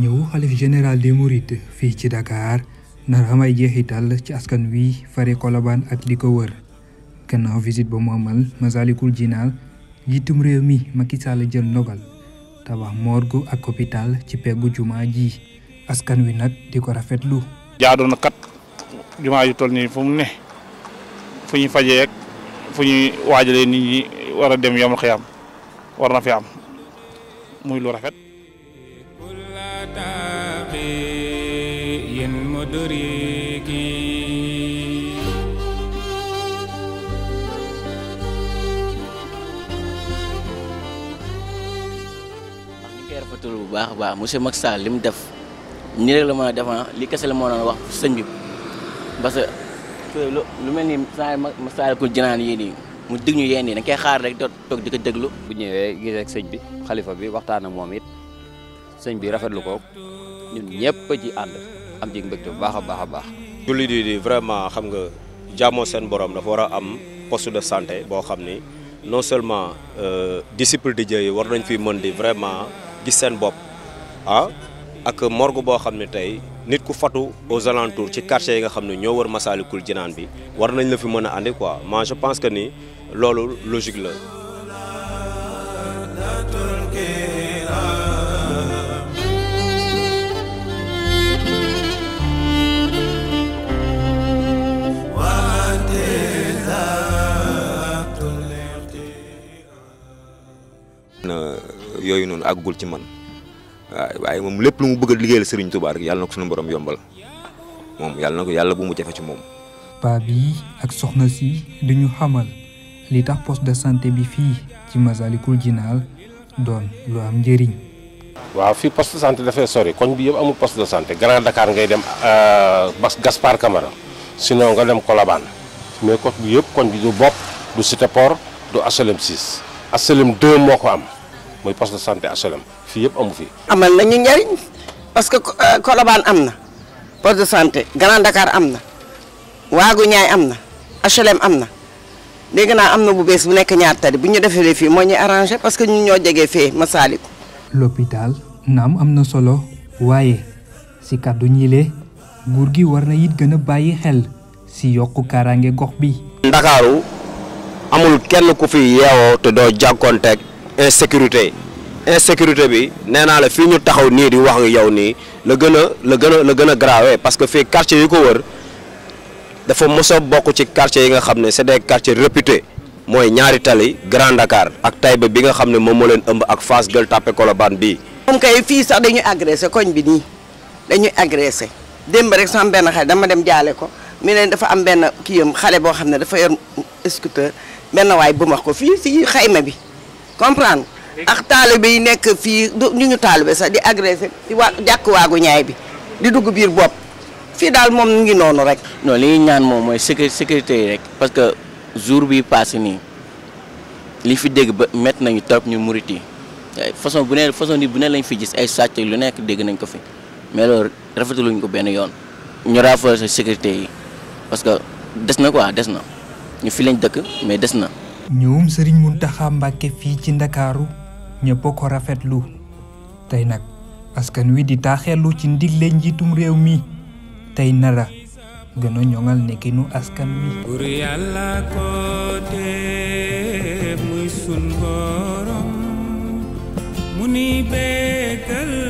ñëw xalif général des mourides fi ci Dakar nar amay dal ci askan wi fare kolobaan ak liko wër gannaaw visite ba mu amal masalikul jinaan njiitum réew mi Macky Sall jël nogal tabax morgu ak hôpital ci peggu askan wi nag di ko rafetlu jaadu na kat juma yu tol ni fu ne fu ñu faje ak fu ñu wajale nit ñi wara dem yomul xiyam war na fi am muy lu rafet Bah, bah, musim maksa lim def nii rek la mën a def ah, li kese la moo doon wax sëñ bi parce que lu mel ni saa ma saa ko jënaan yii nii mu dig ñu yéen nii dañ koy xaar rek toog di ko déglu. bu ñëwee gis sëñ bi xalifa bi waxtaan ak moom it sëñ bi rafetlu ko ñun ñëpp ji ànd am ci mbégte bu baax a baax a baax. jullit di vraiment xam nga jaamoo seen borom dafa war a am post de santé boo xam ni non seulement euh, disciple di yi war nañ fi mën di vraiment gis seen bopp ah. ak morgue boo xam ne tey nit ku fatu aux alentours ci quartier yi nga xam ne ñoo wër Massalikul Jinaan bi war nañ la fi mën a andi quoi moi je pense que ni loolu logique la. yooyu noonu àggul ci man. waaye mom lepp lu mu bëgg a Serigne Touba rek yalla nako suñu borom yombal mom yalla nako yalla bu mu jafé ci mom paa bi ak soxna si duñu xamal li tax poste de santé bi fi ci mazalikul jinal doon lu am jëriñ wa fi poste de santé dafay sori koñ bi yëp amu poste de santé Grand Dakar ngay dem euh, Bas gaspar Camara sino nga dem kolaban mais ko yëp koñ bi du bop du Cité Port du HLM 6 HLM 2 moko am. Moy poste de santé HLM fi yëpp amu fi. amal nañu ñariñ parce que euh, Colobane amna na poste de santé Grand Dakar amna, Wagu ñay amna am amna HLM na amna bu bees bu nek ñaar tali bu ñu defee fii moo ñuy parce que ñun ñoo fee Masaliku. l'hôpital nam amna solo waaye si kàddu ñiile nguur gi war na it gën a xel si yokku karangé gox bi. Dakaru amul kenn ku fi yeewoo te doo jàkkoonteeg. insécurité insécurité bi nee naa la fii ñu taxaw ni di wax ak yow ni le gëna le gëna le gëna la grave parce que fii quartier yi ko wër dafa mos a ci quartier yi nga xamné c'est des quartiers réputés moy ñaari tali Grand Dakar ak Taïba bi nga xamné mom mo leen ëmb ak face Gueule tapé Colobane bi moom kay fi sax dañuy agressé koñ bi ni dañuy agressé démb rek sama ben xale dama dem jalé ko mi leen dafa am ben kii xalé bo xamné dafa yor scooter benn way bu ma ko fi ci xayma bi. comprendre ak taalibe yi nekk fii ñu ñu taalibe sax di agressé di jàkk waagu ñaay bi di dugg biir bopp fii daal moom ngi noonu rek. non li ñuy ñaan moom mooy sécurité sécurité yi rek parce que jour bi passé nii li fi dégg ba métti nañu trop ñu murit yi façon bu ne façon ni bu ne lañ fi gis ay sàcc lu nekk dégg nañ ko fi mais loolu rafetluñ ko benn yoon. ñu renforcer sécurité yi parce que des na ko quoi des na ñu fi lañ dëkk mais des na. ñoom sëriñ muntaxa mbàkke fii ci ndakaaru ñëpp ko rafetlu tey nag askan wi di taaxeelu ci ndigle njiitum réew mi tey nara gën a ñoŋal nekkinu askan mi bur yàlla ko def muy sun borom mu ni bekkal